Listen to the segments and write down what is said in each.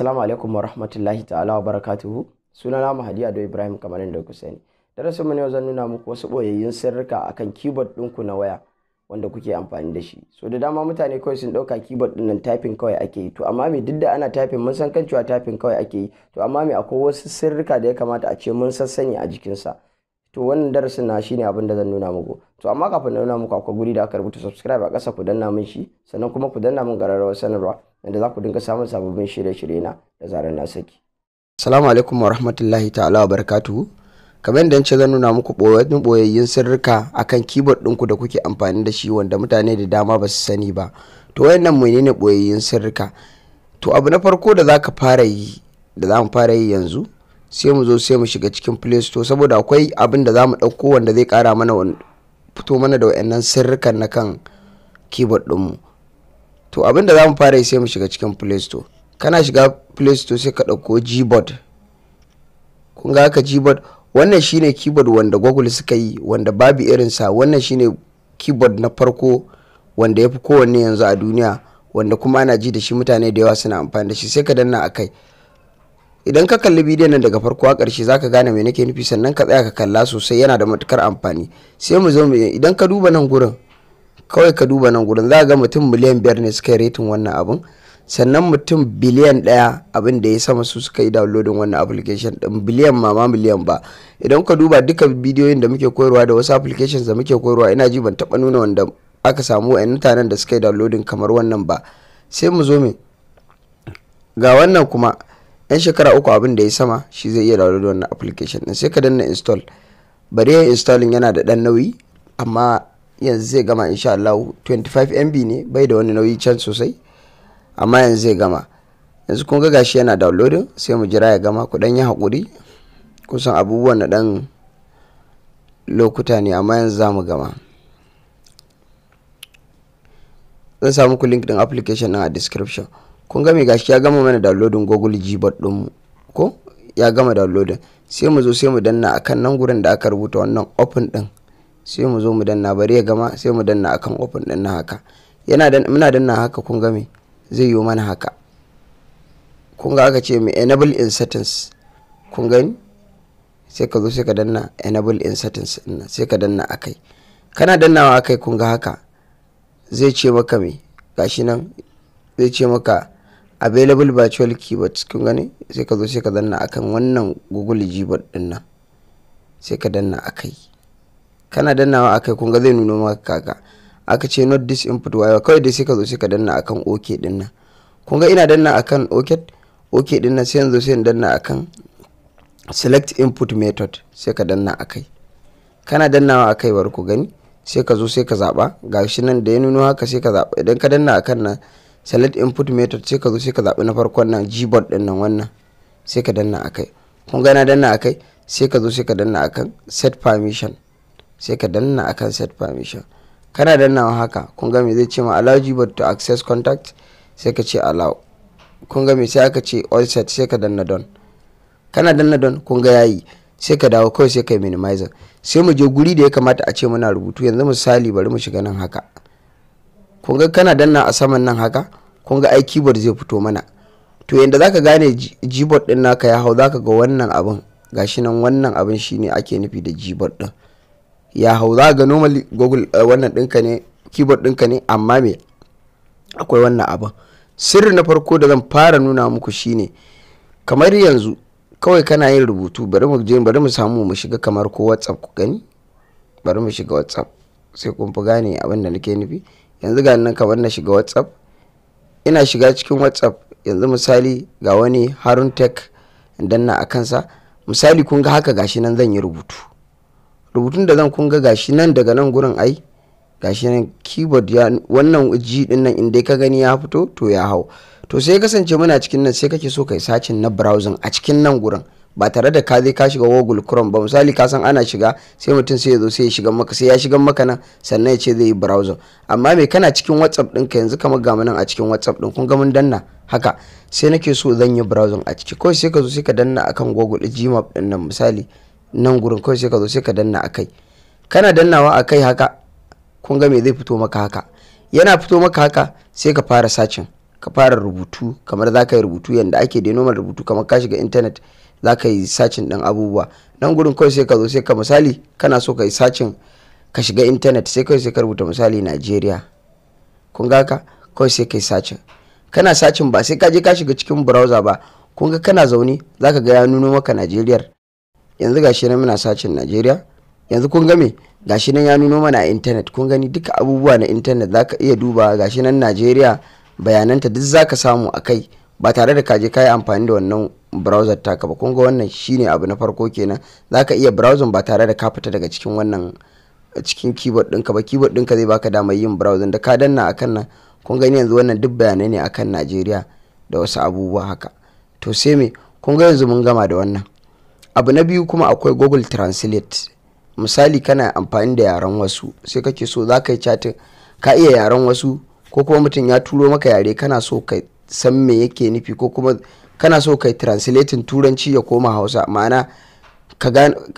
Assalamu alaikum wa rahmatullahi ta'ala wa barakatuhu. Sunana Mahadi Ado Ibrahim kamar da ku sani. Darasin mu ne zan nuna muku wasu boyayyun sirrika akan keyboard ɗinku na waya wanda kuke amfani da shi. So da dama mutane kawai sun ɗauka keyboard ɗin nan typing kawai ake yi. To amma me duk da ana typing mun san kan cewa typing kawai ake yi. To amma me akwai wasu sirrika da ya kamata a ce mun sassani a jikinsa. to wannan darasin na shine abin da zan nuna muku to amma kafin na nuna muku akwai guri da aka rubuta subscribe a ƙasa ku danna min shi sannan kuma ku danna min gararrawar sanarwa yadda za ku dinga samun sababbin shirye-shirye na da zarar na saki assalamu alaikum wa rahmatullahi ta'ala wa barakatuhu kamar yadda ce zan nuna muku ɓoyayyun ɓoyayyun sirrika akan keyboard ɗinku da kuke amfani da shi wanda mutane da dama ba su sani ba to wayannan menene ɓoyayyun sirrika to abu na farko da za fara yi da za mu fara yi yanzu sai mu zo sai mu shiga cikin play store saboda akwai abin da za mu ɗauko wanda zai ƙara mana fito mana da wayannan sirrikan na kan keyboard mu to abin da za mu fara sai mu shiga cikin play store kana shiga play store sai ka ɗauko gboard kun ga ka gboard wannan shine keyboard wanda google suka yi wanda babu irinsa wannan shine keyboard na farko wanda ya fi kowanne yanzu a duniya wanda kuma ana ji da shi mutane da yawa suna amfani da shi sai ka danna akai kai idan ka kalli bidiyon nan daga farko a ƙarshe zaka gane me nake nufi sannan ka tsaya ka kalla sosai yana da matukar amfani sai mu zo idan ka duba nan gurin kawai ka duba nan gurin za ga mutum miliyan biyar ne suka yi retin wannan abun sannan mutum biliyan ɗaya abin da ya sama su suka yi downloading wannan application ɗin biliyan ma ma miliyan ba idan ka duba duka bidiyoyin da muke koyarwa da wasu applications da muke koyarwa ina ji ban taba nuna wanda aka samu wa'in mutanen da suka yi downloading kamar wannan ba sai mu zo me ga wannan kuma yan shekara uku abin da ya sama shi zai iya dawo da wannan application din sai ka danna install bari yin installing yana da dan nauyi amma yanzu zai gama insha Allah 25 MB ne bai da wani nauyi can sosai amma yanzu zai gama yanzu kun ga gashi yana downloading sai mu jira ya gama ku dan yi hakuri kusan abubuwan na dan lokuta ne amma yanzu za mu gama zan samu ku link din application din a description kun ga mai gashi ya gama mana downloading google gboard dinmu ko ya gama downloading sai mu zo sai mu danna akan nan gurin da aka rubuta wannan open din sai mu zo mu danna bari ya gama sai mu danna akan open din na haka yana dan muna danna haka kun ga zai yi mana haka kun ga aka ce mai enable in settings kun gani sai ka zo sai ka danna enable in settings din sai ka danna akai kana dannawa akai kun ga haka zai ce maka me gashi nan zai ce maka available virtual keyboard kun gane sai ka zo sai ka danna akan wannan google gboard din nan sai ka danna akai kana dannawa akai kun ga zai nuno maka kaka aka ce not this input wire kawai dai sai ka zo sai ka danna akan ok din nan kun ga ina danna akan ok ok din nan sai yanzu sai in danna akan select input method sai ka danna akai kana dannawa akai bar ku gani sai ka zo sai ka zaba gashi nan da ya nuno haka sai ka zaba idan ka danna akan nan select input method sai ka zo sai ka zaɓi na farkon nan gboard ɗin nan wannan sai ka danna akai kun gana danna akai sai ka zo sai ka danna akan set permission sai ka danna akan set permission kana dannawa haka kun ga me zai ce ma allow gboard to access contact sai ka ce allow kun ga me sai aka ce all set sai ka danna don kana danna don kun ga yayi sai ka dawo kawai sai ka minimizer sai mu je guri da ya kamata a ce muna rubutu yanzu misali bari mu shiga nan haka kun ga kana danna a saman nan haka kun ga ai keyboard zai fito mana to yanda zaka gane keyboard din naka ya hau zaka ga wannan abin gashi nan wannan abin shine ake nufi da keyboard din ya hau za ga normally google eh, wannan ɗinka ne keyboard ɗinka ne amma me akwai wannan abin sirri na farko da zan fara nuna muku shine kamar yanzu kawai kana yin rubutu bari mu je bari mu samu mu shiga kamar ko whatsapp ku gani bari mu shiga whatsapp sai kun fi gane abin da nake nufi yanzu ga nan kamar na shiga whatsapp ina shiga cikin whatsapp yanzu misali ga wani harun tech danna a kansa misali kun ga haka gashi nan zan yi rubutu rubutun da zan kun ga gashi nan daga nan gurin ai gashi nan keyboard ya wannan ji din nan inda ka gani ya fito to ya hau to sai kasance muna cikin nan sai kake so kai sacin na browsing a cikin nan gurin ba tare da ka je ka shiga google chrome ba misali ka san ana shiga sai mutum sai ya zo sai ya shiga maka sai ya shiga maka nan sannan ya ce zai yi browser amma me kana cikin whatsapp ka yanzu kamar ga nan a cikin whatsapp ɗin kun ga mun danna haka sai nake so zan yi browser a ciki kawai sai ka zo sai ka danna akan google gmap din nan misali nan gurin kawai sai ka zo sai ka danna akai kana dannawa akai haka kun ga me zai fito maka haka yana fito maka haka sai ka fara sacin ka fara rubutu kamar zaka yi rubutu yadda ake da normal rubutu kamar ka shiga intanet za ka yi sacin ɗin abubuwa nan gudun kawai sai ka zo sai ka misali kana so ka yi sacin ka shiga intanet sai kawai sai ka rubuta misali najeriya kun ga ka kawai sai ka yi sacin kana sacin ba sai ka je ka shiga cikin browser ba kun ga kana zaune za ka ga ya nuno maka najeriyar yanzu gashi nan muna sacin najeriya yanzu kun ga me gashi nan ya nuno mana a intanet kun gani duka abubuwa na intanet za ka iya duba gashi nan najeriya bayananta duk za ka samu a kai ba tare da kaje kayi amfani da wannan browser taka ba kun ga wannan shine abu na farko kenan zaka iya browsing ba tare da ka fita daga cikin wannan cikin keyboard ɗinka ba keyboard ɗinka zai baka damar yin browsing da ka danna akan nan kun gani yanzu wannan duk bayanai ne akan Najeriya da wasu abubuwa haka to sai me kun ga yanzu mun gama da wannan abu na biyu kuma akwai Google Translate misali kana amfani da yaren wasu sai kake so zaka yi chatting ka iya yaren wasu ko kuma mutum ya turo maka yare kana so ka san me yake nufi ko kuma kana so kai translating turanci ya koma hausa ma'ana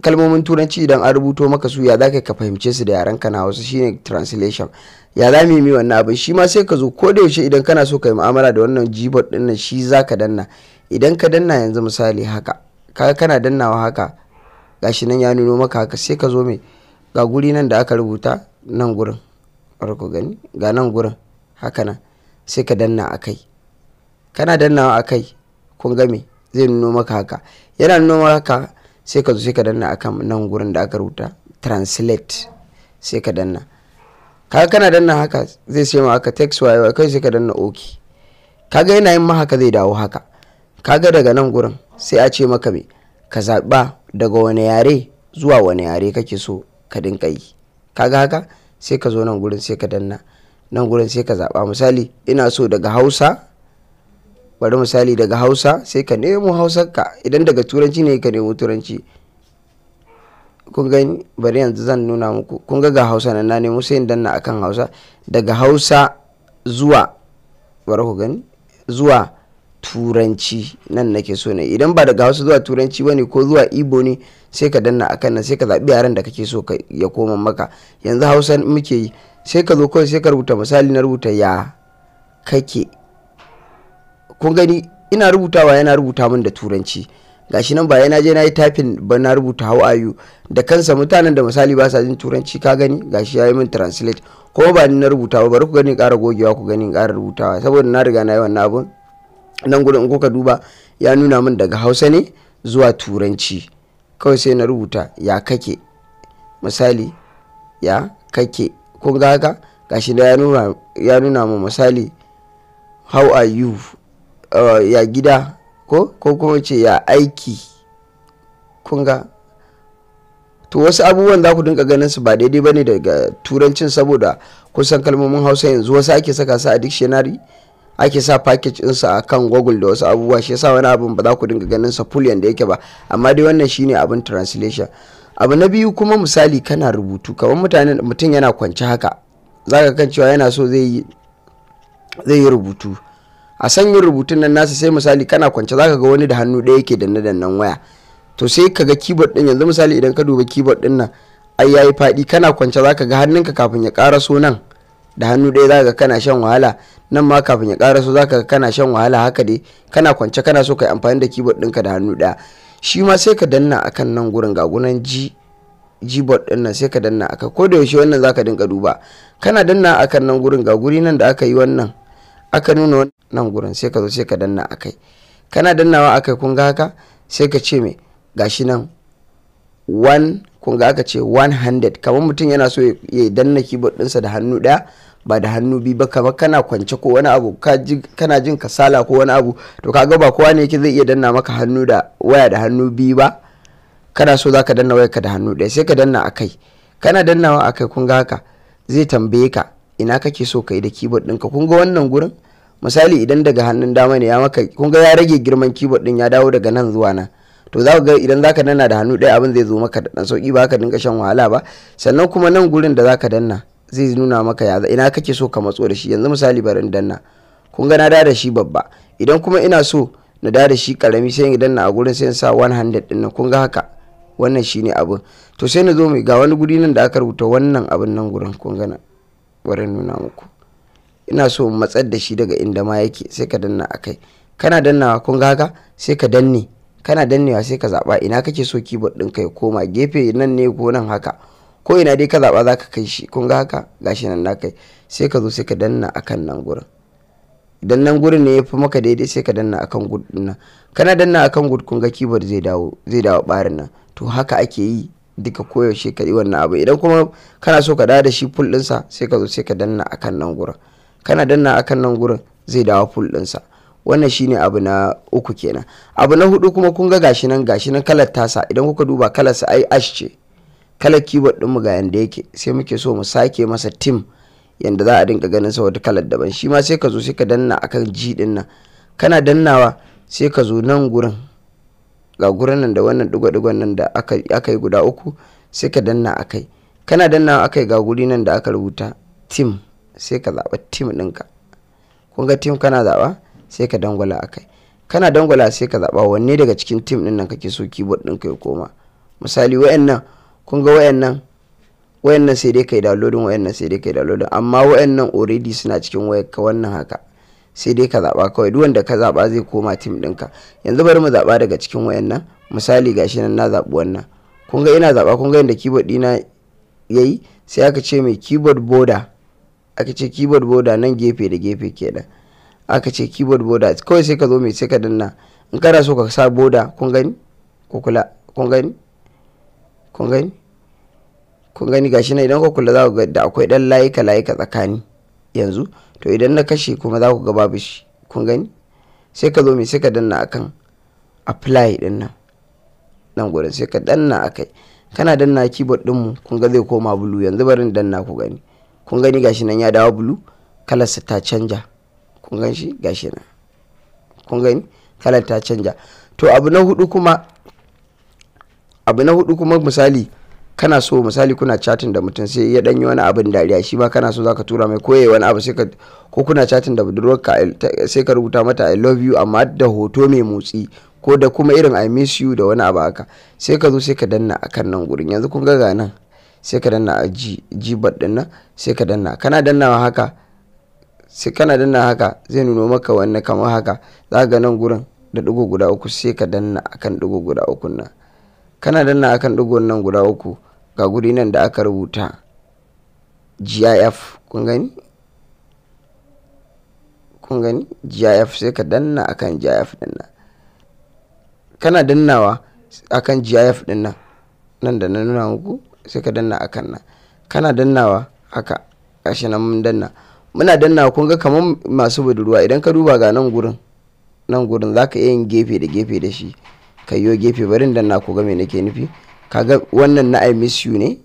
kalmomin turanci idan an rubuto maka su ya zaka ka fahimce su da yaren ka na hausa shine translation ya za mu yi wannan abin shi ma sai ka zo ko da yaushe idan kana so ka yi mu'amala da wannan jibot din nan shi za ka danna idan ka danna yanzu misali haka ka kana dannawa haka gashi nan ya nuno maka haka sai ka zo mai ga guri nan da aka rubuta nan gurin ku gani ga nan gurin haka nan sai ka danna a kai kana dannawa a kai kun ga me zai nuno maka haka yana nuno maka haka sai ka zo sai ka danna a kan nan gurin da aka rubuta translate sai ka danna kaga kana danna haka zai sai ma haka text wa kai sai ka danna ok kaga yana yin ma haka zai dawo haka kaga daga nan gurin sai a ce maka me ka zaɓa daga wani yare zuwa wani yare kake so ka dinka yi kaga haka sai ka zo nan gurin sai ka danna nan gurin sai ka zaɓa misali ina so daga hausa bari misali daga hausa sai ka nemo hausarka idan daga turanci ne ka nemo turanci kun gani bari yanzu zan nuna muku kun ga ga hausa nan na nemo sai in danna akan hausa daga hausa zuwa bari ku gani zuwa turanci nan nake so ne idan ba daga hausa zuwa turanci bane ko zuwa ibo ne sai ka danna akan nan sai ka zaɓi yaren da kake so ya koma maka yanzu hausa muke yi sai ka zo kawai sai ka rubuta misali na rubuta ya kake kun gani ina rubutawa yana rubuta min da turanci gashi nan ba yana je na yi tafin ba na rubuta how are you da kansa mutanen da misali ba sa jin turanci ka gani gashi ya yi min translate kuma ba ni na rubuta ba bari ku gani ƙara gogewa ku gani ƙara rubutawa saboda na riga na yi wannan abun nan gudun in kuka duba ya nuna min daga hausa ne zuwa turanci kawai sai na rubuta ya kake misali ya kake kun ga haka gashi da ya nuna min misali how are you Uh, ya gida ko ko kuma ce ya aiki kunga to wasu abubuwan za ku dinka ganin su ba daidai ba ne daga turancin saboda kusan kalmomin hausa yanzu wasu ake saka su a dictionary ake sa package ɗinsa a kan google da wasu abubuwa shi yasa wani abin ba za ku dinga ganin sa full da yake ba amma dai wannan shine abin translation abu na biyu kuma misali kana rubutu kamar mutane mutum yana kwance haka zaka kan cewa yana so zai yi rubutu a sanyin rubutun nan nasa sai misali kana kwance zaka ga wani da hannu ɗaya yake danna dannan waya to sai ka ga keyboard din yanzu misali idan ka duba keyboard din nan ai yayi faɗi kana kwance zaka ga hannunka kafin ya karaso nan da hannu ɗaya zaka ga kana shan wahala nan ma kafin ya karaso zaka ga kana shan wahala haka dai kana kwance kana so ka yi amfani da keyboard ɗinka da hannu ɗaya shi ma sai ka danna akan nan gurin ga gunan ji gboard din nan sai ka danna aka ko da yaushe wannan zaka dinka duba kana danna akan nan gurin ga guri nan da aka yi wannan aka nuna nan gurin sai ka zo sai ka danna a kai kana dannawa a kai kun ga haka sai ka ce mai gashi nan one kun ga aka ce 100 kamar mutum yana so ya danna keyboard ɗinsa da hannu ɗaya ba da hannu biyu ba kamar kana kwance ko wani abu kana jin kasala ko wani abu to kaga ba kowa ne yake zai iya danna maka hannu da waya da hannu biyu ba kana so zaka danna wayarka da hannu ɗaya sai ka danna akai kana dannawa akai kun ga haka zai tambaye ka ina kake so ka yi da keyboard ɗinka kun ga wannan gurin misali idan daga hannun dama ne ya maka kun ga ya rage girman keyboard din ya dawo daga nan zuwa nan to za ga idan zaka danna da hannu ɗaya abin zai zo maka da dan sauki ba ka dinga shan wahala ba sannan kuma nan gurin da zaka danna zai nuna maka ya ina kake so ka matso da shi yanzu misali barin danna kun ga na da shi babba idan kuma ina so na da da shi karami sai in danna a gurin sai in sa 100 din nan kun ga haka wannan shine abin to sai na zo mai ga wani guri nan da aka rubuta wannan abin nan gurin kun ga na nuna muku ina so in matsar da shi daga inda ma yake sai ka danna a kai kana dannawa kun ga haka sai ka danne kana dannewa sai ka zaba ina kake so keyboard ɗinka ya koma gefe nan ne ko nan haka ko ina dai ka zaba zaka kai shi kun ga haka gashi nan na kai sai ka zo sai ka danna akan nan gurin idan nan gurin ne ya fi maka daidai sai ka danna akan gud nan kana danna akan gud kun ga keyboard zai dawo zai dawo barin nan to haka ake yi duka koyaushe ka yi wannan abu idan kuma kana so ka dawo da shi full ɗinsa sai ka zo sai ka danna akan nan gurin kana danna akan nan gurin zai dawo full ɗinsa wannan shine abu na uku kenan abu na hudu kuma kun ga gashi nan gashi nan kalar tasa idan kuka duba kalar sa ai ash ce kalar keyboard din mu ga yanda yake sai muke so mu sake masa tim yanda za a dinka ganin sa wata kalar daban shi ma sai ka zo sai ka danna akan G din nan kana dannawa sai ka zo nan gurin ga gurin nan da wannan digo-digon nan da aka yi guda uku sai ka danna akai kana dannawa akai ga guri nan da aka rubuta tim sai ka zaɓa tim ɗinka kun ga tim kana zaɓa sai ka dangwala a kai kana dangwala sai ka zaɓa wanne daga cikin tim ɗin nan kake so keyboard ka ya koma misali wayannan kun ga wayannan wayannan sai dai kai downloadin wayannan sai dai kai downloadin amma wayannan already suna cikin wayar ka wannan haka sai dai ka zaɓa kawai duk wanda ka zaɓa zai koma tim ka yanzu bari mu zaɓa daga cikin wayannan misali gashi nan na zaɓi wannan kun ga ina zaɓa kun ga yadda keyboard ɗina yayi sai aka ce mai keyboard border aka ce keyboard border nan gefe da gefe kenan aka ce keyboard border kawai sai ka zo mai sai ka danna in kana so ka sa border kun gani ko kula kun gani kun gani kun gani gashi na idan ka kula za ku ga da akwai dan layika layika tsakani yanzu to idan na kashe kuma za ku ga babu shi kun gani sai ka zo mai sai ka danna akan apply din nan nan gurin sai ka danna akai kana danna keyboard din mu kun ga zai koma blue yanzu barin danna ku gani kun gani gashi nan ya dawo bulu kalarsa ta canja kun gan shi gashi nan kun gani kalar ta canja to abu na hudu kuma abu na hudu kuma misali kana so misali kuna chatin da mutum sai ya danyi wani abin dariya shi ma kana so zaka tura mai koye wani abu sai ka ko kuna chatin da budurwarka sai ka rubuta mata i love you amma da hoto mai motsi ko da kuma irin i miss you da wani abu haka sai ka zo sai ka danna akan nan gurin yanzu kun ga nan sai ka danna a jibar din nan sai ka danna kana dannawa haka sai kana danna haka zai nuno maka wannan kamar haka za ga nan gurin da digo guda uku sai ka danna akan digo guda uku nan kana danna akan digon nan guda uku ga guri nan da aka rubuta gif kun gani kun gani gif sai ka danna akan gif din nan kana dannawa akan gif din nan nan da na nuna muku sai ka danna akan nan kana dannawa haka ƙashi nan mun danna muna dannawa kun ga kamar masu budurwa idan ka duba ga nan gurin nan gurin za ka iya yin gefe da gefe da shi ka yi gefe barin danna ku ga me nake nufi kaga wannan na i miss you ne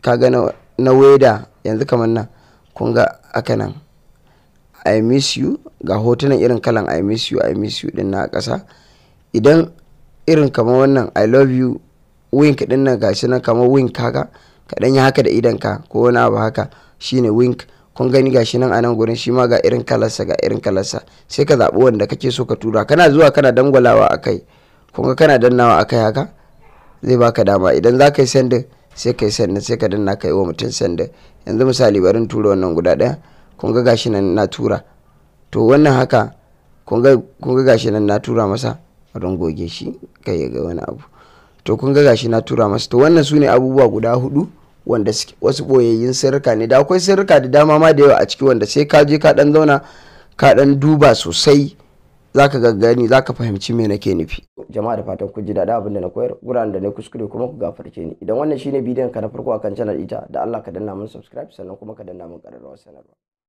kaga na na weda yanzu kamar nan kun ga aka nan i miss you ga hotunan irin kalan i miss you i miss you din na ƙasa idan irin kamar wannan i love you wink din nan gashi nan kamar wink kaga ka dan yi haka da idan ka ko wani abu haka shine wink kun gani gashi nan a nan gurin shi ma ga irin kalarsa ga irin kalarsa sai ka zaɓi wanda kake so ka tura kana zuwa kana dangwalawa a kai kun ga kana dannawa a kai haka zai baka dama idan za ka yi sanda sai ka yi sandin sai ka danna ka yi wa mutum sanda yanzu misali barin tura wannan guda ɗaya kun ga gashi nan na tura to wannan haka kun ga gashi nan na tura masa a goge shi kai ga wani abu to kun ga gashi na tura masa to wannan su ne abubuwa guda hudu wanda wasu boyayyun sirrika ne da akwai sirrika da dama ma da yawa a ciki wanda sai ka je ka dan zauna ka dan duba sosai zaka gaggani zaka fahimci me nake nufi jama'a da fatan ku ji daɗin abin da na koyar guran da na kuskure kuma ku gafarce ni idan wannan shine bidiyon ka na farko akan channel ita da Allah ka danna mun subscribe sannan kuma ka danna mun ƙararrawar sanarwa